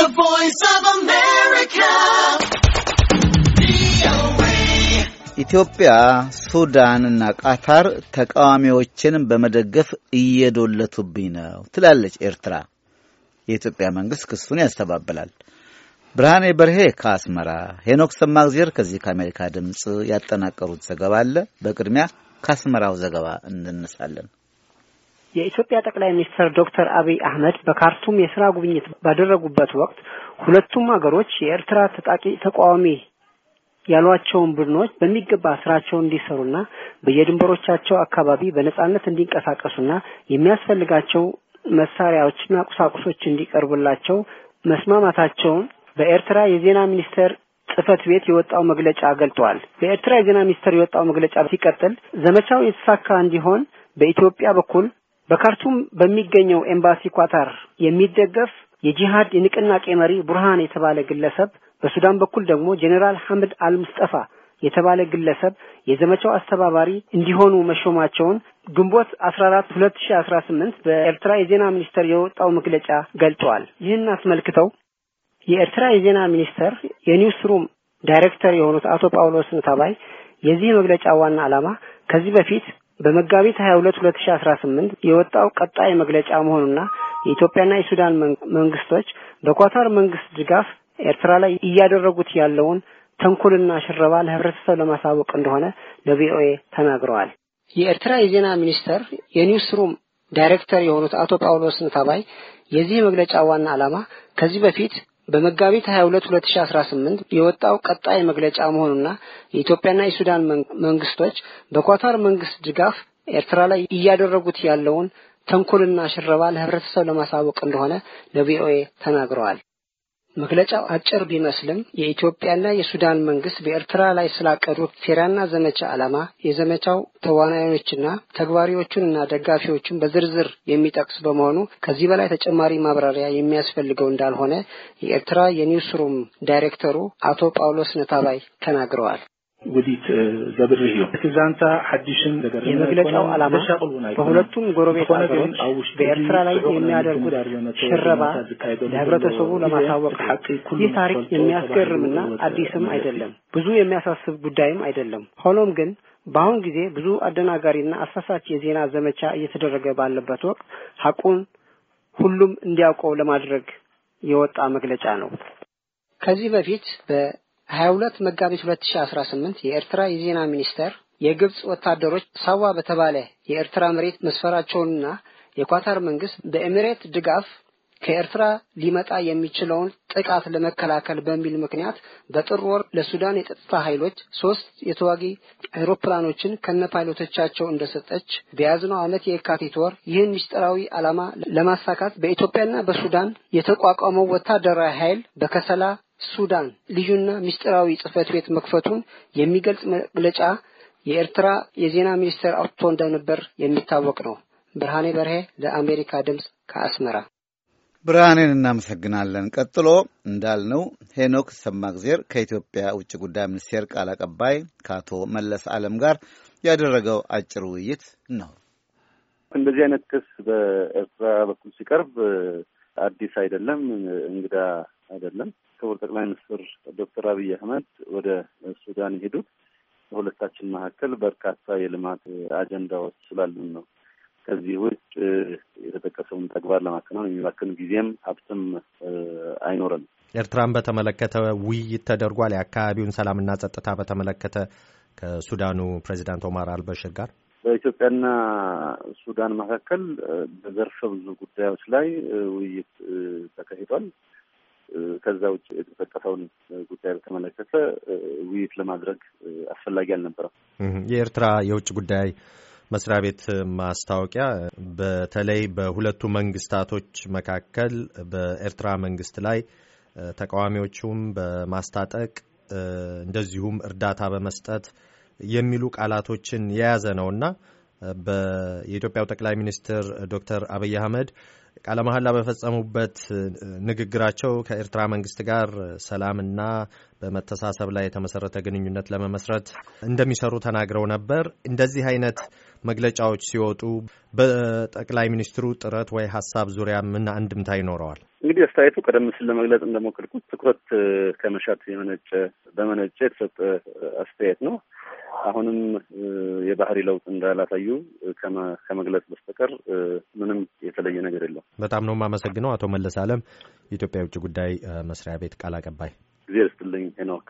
The Voice of America. ኢትዮጵያ፣ ሱዳን እና ቃታር ተቃዋሚዎችን በመደገፍ እየዶለቱብኝ ነው ትላለች ኤርትራ። የኢትዮጵያ መንግስት ክሱን ያስተባብላል። ብርሃኔ በርሄ ከአስመራ፣ ሄኖክ ሰማግዜር ከዚህ ከአሜሪካ ድምፅ ያጠናቀሩት ዘገባ አለ። በቅድሚያ ከአስመራው ዘገባ እንነሳለን። የኢትዮጵያ ጠቅላይ ሚኒስትር ዶክተር አብይ አህመድ በካርቱም የስራ ጉብኝት ባደረጉበት ወቅት ሁለቱም ሀገሮች የኤርትራ ተጣቂ ተቃዋሚ ያሏቸውን ቡድኖች በሚገባ ስራቸውን እንዲሰሩና በየድንበሮቻቸው አካባቢ በነጻነት እንዲንቀሳቀሱና የሚያስፈልጋቸው መሳሪያዎችና ቁሳቁሶች እንዲቀርቡላቸው መስማማታቸውን በኤርትራ የዜና ሚኒስቴር ጽህፈት ቤት የወጣው መግለጫ ገልጠዋል። በኤርትራ የዜና ሚኒስቴር የወጣው መግለጫ ሲቀጥል ዘመቻው የተሳካ እንዲሆን በኢትዮጵያ በኩል በካርቱም በሚገኘው ኤምባሲ ኳታር የሚደገፍ የጂሃድ የንቅናቄ መሪ ቡርሃን የተባለ ግለሰብ፣ በሱዳን በኩል ደግሞ ጄኔራል ሐምድ አልሙስጠፋ የተባለ ግለሰብ የዘመቻው አስተባባሪ እንዲሆኑ መሾማቸውን ግንቦት 14 2018 በኤርትራ የዜና ሚኒስቴር የወጣው መግለጫ ገልጠዋል። ይህን አስመልክተው የኤርትራ የዜና ሚኒስቴር የኒውስ ሩም ዳይሬክተር የሆኑት አቶ ጳውሎስ ነታባይ የዚህ መግለጫ ዋና ዓላማ ከዚህ በፊት በመጋቢት 22 2018 የወጣው ቀጣይ መግለጫ መሆኑና የኢትዮጵያና የሱዳን መንግስቶች በኳታር መንግስት ድጋፍ ኤርትራ ላይ እያደረጉት ያለውን ተንኮልና ሽረባ ለህብረተሰብ ለማሳወቅ እንደሆነ ለቪኦኤ ተናግረዋል። የኤርትራ የዜና ሚኒስተር የኒውስ ሩም ዳይሬክተር የሆኑት አቶ ጳውሎስ ንታባይ የዚህ መግለጫ ዋና ዓላማ ከዚህ በፊት በመጋቢት 22 2018 የወጣው ቀጣይ መግለጫ መሆኑና የኢትዮጵያና የሱዳን መንግስቶች በኳታር መንግስት ድጋፍ ኤርትራ ላይ እያደረጉት ያለውን ተንኮልና ሽረባ ለህብረተሰብ ለማሳወቅ እንደሆነ ለቪኦኤ ተናግረዋል። መግለጫው አጭር ቢመስልም የኢትዮጵያና የሱዳን መንግስት በኤርትራ ላይ ስላቀዱት ሴራና ዘመቻ ዓላማ የዘመቻው ተዋናዮችና ተግባሪዎቹንና ደጋፊዎቹን በዝርዝር የሚጠቅስ በመሆኑ ከዚህ በላይ ተጨማሪ ማብራሪያ የሚያስፈልገው እንዳልሆነ የኤርትራ የኒውስሩም ዳይሬክተሩ አቶ ጳውሎስ ነታባይ ተናግረዋል። ወዲት ዘብር ከዛንታ ሐዲሽን ነገር የመግለጫው ዓላማ በሁለቱም ጎረቤት ሀገሮች በኤርትራ ላይ የሚያደርጉት ሽረባ ለህብረተሰቡ ለማሳወቅ ነው። ይህ ታሪክ የሚያስገርምና አዲስም አይደለም፣ ብዙ የሚያሳስብ ጉዳይም አይደለም። ሆኖም ግን በአሁን ጊዜ ብዙ አደናጋሪና አሳሳች የዜና ዘመቻ እየተደረገ ባለበት ወቅት ሀቁን ሁሉም እንዲያውቀው ለማድረግ የወጣ መግለጫ ነው። ከዚህ በፊት 22 መጋቢት 2018 የኤርትራ የዜና ሚኒስቴር የግብፅ ወታደሮች ሳዋ በተባለ የኤርትራ መሬት መስፈራቸውንና የኳታር መንግስት በኤሚሬት ድጋፍ ከኤርትራ ሊመጣ የሚችለውን ጥቃት ለመከላከል በሚል ምክንያት በጥር ወር ለሱዳን የጸጥታ ኃይሎች ሶስት የተዋጊ አውሮፕላኖችን ከነ ፓይሎቶቻቸው እንደሰጠች በያዝነው ዓመት የካቲት ወር ይህን ምስጢራዊ ዓላማ ለማሳካት በኢትዮጵያና በሱዳን የተቋቋመው ወታደራዊ ኃይል በከሰላ ሱዳን ልዩና ምስጢራዊ ጽህፈት ቤት መክፈቱን የሚገልጽ መግለጫ የኤርትራ የዜና ሚኒስቴር አውጥቶ እንደነበር የሚታወቅ ነው። ብርሃኔ በርሄ ለአሜሪካ ድምፅ ከአስመራ። ብርሃኔን እናመሰግናለን። ቀጥሎ እንዳልነው ሄኖክ ሰማግዜር ከኢትዮጵያ ውጭ ጉዳይ ሚኒስቴር ቃል አቀባይ ከአቶ መለስ ዓለም ጋር ያደረገው አጭር ውይይት ነው። እንደዚህ አይነት ክስ በኤርትራ በኩል ሲቀርብ አዲስ አይደለም እንግዳ አይደለም። ክቡር ጠቅላይ ሚኒስትር ዶክተር አብይ አህመድ ወደ ሱዳን የሄዱት በሁለታችን መካከል በርካታ የልማት አጀንዳዎች ስላሉን ነው። ከዚህ ውጭ የተጠቀሰውን ተግባር ለማከናወን የሚባክን ጊዜም ሀብትም አይኖረም። ኤርትራን በተመለከተ ውይይት ተደርጓል። የአካባቢውን ሰላምና ጸጥታ በተመለከተ ከሱዳኑ ፕሬዚዳንት ኦማር አልበሽር ጋር በኢትዮጵያና ሱዳን መካከል በዘርፈ ብዙ ጉዳዮች ላይ ውይይት ተካሂዷል። ከዛ ውጭ የተጠቀሰውን ጉዳይ በተመለከተ ውይይት ለማድረግ አስፈላጊ አልነበረም። የኤርትራ የውጭ ጉዳይ መስሪያ ቤት ማስታወቂያ በተለይ በሁለቱ መንግስታቶች መካከል በኤርትራ መንግስት ላይ ተቃዋሚዎቹም በማስታጠቅ እንደዚሁም እርዳታ በመስጠት የሚሉ ቃላቶችን የያዘ ነውና በየኢትዮጵያው ጠቅላይ ሚኒስትር ዶክተር አብይ አህመድ ቃለ መሐላ በፈጸሙበት ንግግራቸው ከኤርትራ መንግስት ጋር ሰላምና በመተሳሰብ ላይ የተመሰረተ ግንኙነት ለመመስረት እንደሚሰሩ ተናግረው ነበር። እንደዚህ አይነት መግለጫዎች ሲወጡ በጠቅላይ ሚኒስትሩ ጥረት ወይ ሀሳብ ዙሪያ ምን አንድምታ ይኖረዋል? እንግዲህ አስተያየቱ ቀደም ሲል ለመግለጽ እንደሞከርኩት ትኩረት ከመሻት የመነጨ በመነጨ የተሰጠ አስተያየት ነው። አሁንም የባህሪ ለውጥ እንዳላሳዩ ከመግለጽ በስተቀር ምንም የተለየ ነገር የለም። በጣም ነው የማመሰግነው አቶ መለስ አለም የኢትዮጵያ የውጭ ጉዳይ መስሪያ ቤት ቃል አቀባይ። ጊዜ ርስትልኝ ሄኖክ